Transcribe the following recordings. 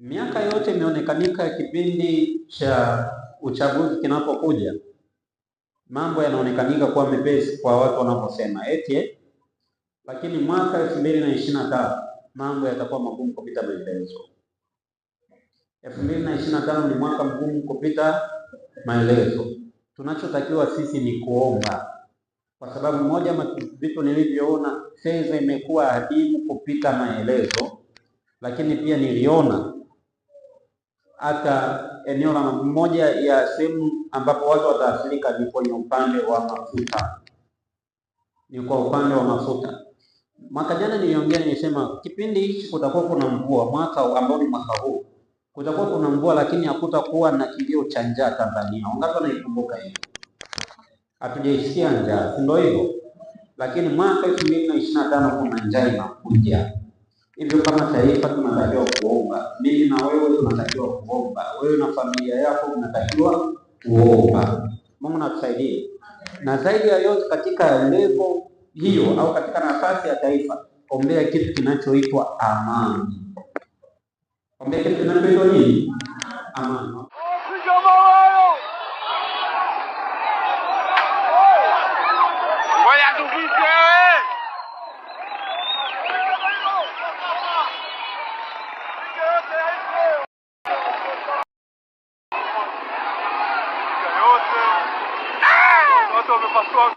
Miaka yote imeonekanika kipindi cha uchaguzi kinapokuja, mambo yanaonekanika kuwa mepesi kwa watu wanaposema eti, lakini mwaka elfu mbili na ishirini na tano mambo yatakuwa magumu kupita maelezo. Elfu mbili na ishirini na tano ni mwaka mgumu kupita maelezo. Tunachotakiwa sisi ni kuomba, kwa sababu moja ma vitu nilivyoona, fedha imekuwa adimu kupita maelezo, lakini pia niliona hata eneo la moja ya sehemu ambapo watu wataathirika ni kwenye upande wa mafuta, ni kwa upande wa mafuta. Mwaka jana niliongea, nilisema kipindi hichi kutakuwa kuna mvua, mwaka ambao ni mwaka huu kutakuwa kuna mvua, lakini hakutakuwa na kilio cha njaa Tanzania. Wangapi wanaikumbuka hiyo? Hatujaisikia njaa, si ndio hivyo? Lakini mwaka elfu mbili na ishirini na tano kuna njaa inakuja Hivyo kama taifa tunatakiwa kuomba, mimi na wewe tunatakiwa kuomba, wewe na familia yako unatakiwa kuomba. Mungu natusaidie, na zaidi ya yote katika levo hiyo au katika nafasi ya taifa, ombea kitu kinachoitwa amani. Ombea kitu kinachoitwa nini? Amani. pastor.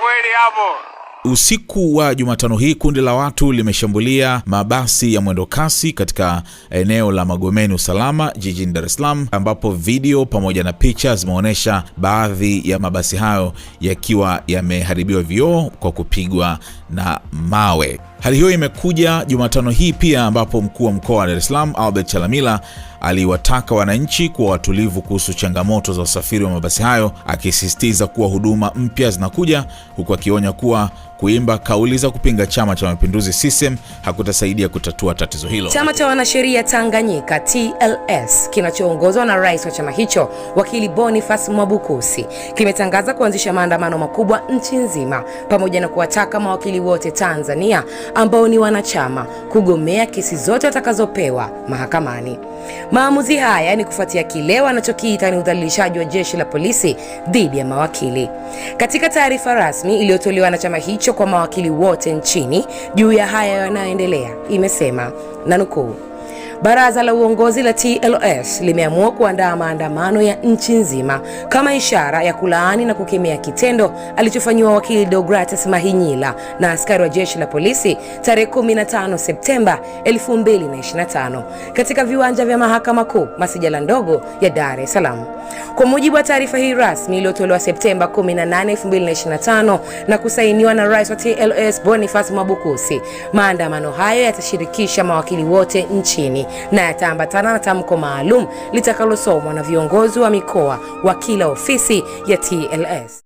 kweli hapo. Usiku wa Jumatano hii kundi la watu limeshambulia mabasi ya mwendo kasi katika eneo la Magomeni Usalama jijini Dar es Salaam, ambapo video pamoja na picha zimeonyesha baadhi ya mabasi hayo yakiwa yameharibiwa vioo kwa kupigwa na mawe. Hali hiyo imekuja Jumatano hii pia ambapo mkuu wa mkoa wa Dar es Salaam Albert Chalamila aliwataka wananchi kuwa watulivu kuhusu changamoto za usafiri wa mabasi hayo, akisisitiza kuwa huduma mpya zinakuja, huku akionya kuwa kuimba kauli za kupinga Chama cha Mapinduzi CCM hakutasaidia kutatua tatizo hilo. Chama cha Wanasheria Tanganyika TLS kinachoongozwa na rais wa chama hicho wakili Boniface Mwabukusi kimetangaza kuanzisha maandamano makubwa nchi nzima pamoja na kuwataka mawakili wote Tanzania ambao ni wanachama kugomea kesi zote watakazopewa mahakamani. Maamuzi haya ni kufuatia kile wanachokiita ni udhalilishaji wa jeshi la polisi dhidi ya mawakili. Katika taarifa rasmi iliyotolewa na chama hicho kwa mawakili wote nchini juu ya haya yanayoendelea, imesema na nukuu Baraza la uongozi la TLS limeamua kuandaa maandamano ya nchi nzima kama ishara ya kulaani na kukemea kitendo alichofanyiwa wakili Deogratis Mahinyila na askari wa jeshi la polisi tarehe 15 Septemba 2025 katika viwanja vya Mahakama Kuu, masijala ndogo ya Dar es Salaam. Kwa mujibu wa taarifa hii rasmi iliyotolewa Septemba 18, 2025 na kusainiwa na Rais wa TLS Boniface Mwabukusi, maandamano hayo yatashirikisha mawakili wote nchini na yataambatana na tamko maalum litakalosomwa na viongozi wa mikoa wa kila ofisi ya TLS.